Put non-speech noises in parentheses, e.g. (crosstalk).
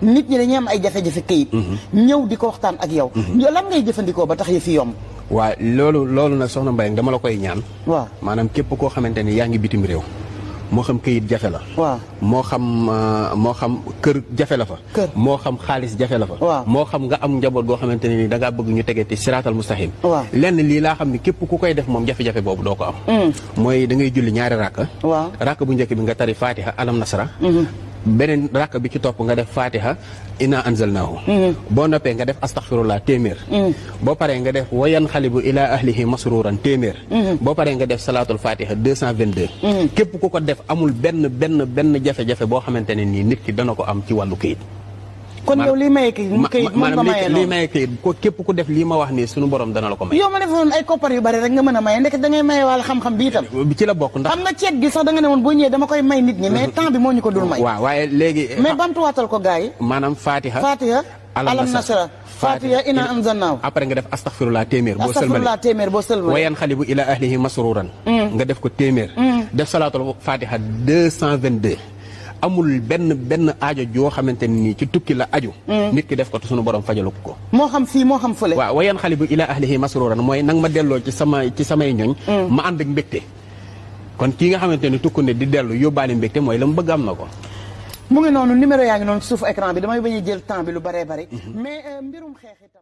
nit ñi dañuy am ay jafe-jafe kayit. Mhm. ñëw di ko waxtaan ak yow. Mhm. yow lan ngay jëfandikoo ba tax yëf yi yoom waa loolu loolu nag soxna Mbaye dama la koy ñaan. waaw maanaam képp koo xamante ni yaa ngi bitim réew. moo xam kayit jafe la. waaw moo xam euh, moo xam kër jafe la fa. moo xam xaalis jafe la fa. moo xam nga am njaboot goo xamante ne ni da bëgg ñu tege tegeeti siraatal mustaqim. waaw lenn lii laa xam ne képp ku koy def moom jafe-jafe boobu doo ko am. Mm. mooy da ngay julli ñaari rakk. waaw bu njëkk bi nga tari faatiha alam nasra. Mm-hmm. beneen rakk bi ci topp nga def fatiha inna anzalnaahu mhm. boo noppee nga def astaghfirullah téeméer mhm. boo paree nga def wayan xalibu ila ahlihi masruran téeméer mhm. boo paree nga def salaatul fatiha 222 képp ku ko def amul benn benn benn jafe-jafe boo xamante ne nii nit ki dana ko am ci wàllu këyit kon yow lii maye kayit ko képp ku def lii ma wax nii suñu borom dana la ko may yow ma defoon ay koppar yu bari rek nga mën a maye ndeke da ngay maye wàll xam-xam bi itam eh, ci la boo ñëwee dama koy may nit ñi (laughs) bi moo ñu ko dul may waaye léegi eh, mais bamtuwaatal ko gars maanaam fatiha fatiha alam nasara fatiha ina anzalnaaw après nga def astaghfirullah téeméer boo sëlmalee téeméer boo sëlmalee wayan xalibu ila ahlihi masruran mm. nga def ko téeméer mm. def salaatul fatiha 222 amul benn benn aajo joo xamante ni ci tukki la aju mm. nit ki def ko te sunu fajo fajalu ko moo xam fii moo xam fële waaw wayan xali bu ilaa ahlihi masruran mooy nang ma delloo ci sama ci samay ñoñ mm. ma ànd ak kon kii nga xamante ni tukku ne di dellu yóbbaale mbégte mooy la mbëgg bëgg am na ko mu ngi noonu numéro yaa ngi noonu ci suufu bi damay bañ a jël temps bi lu baree bari mm-hmm. mais euh, mbirum xeex tam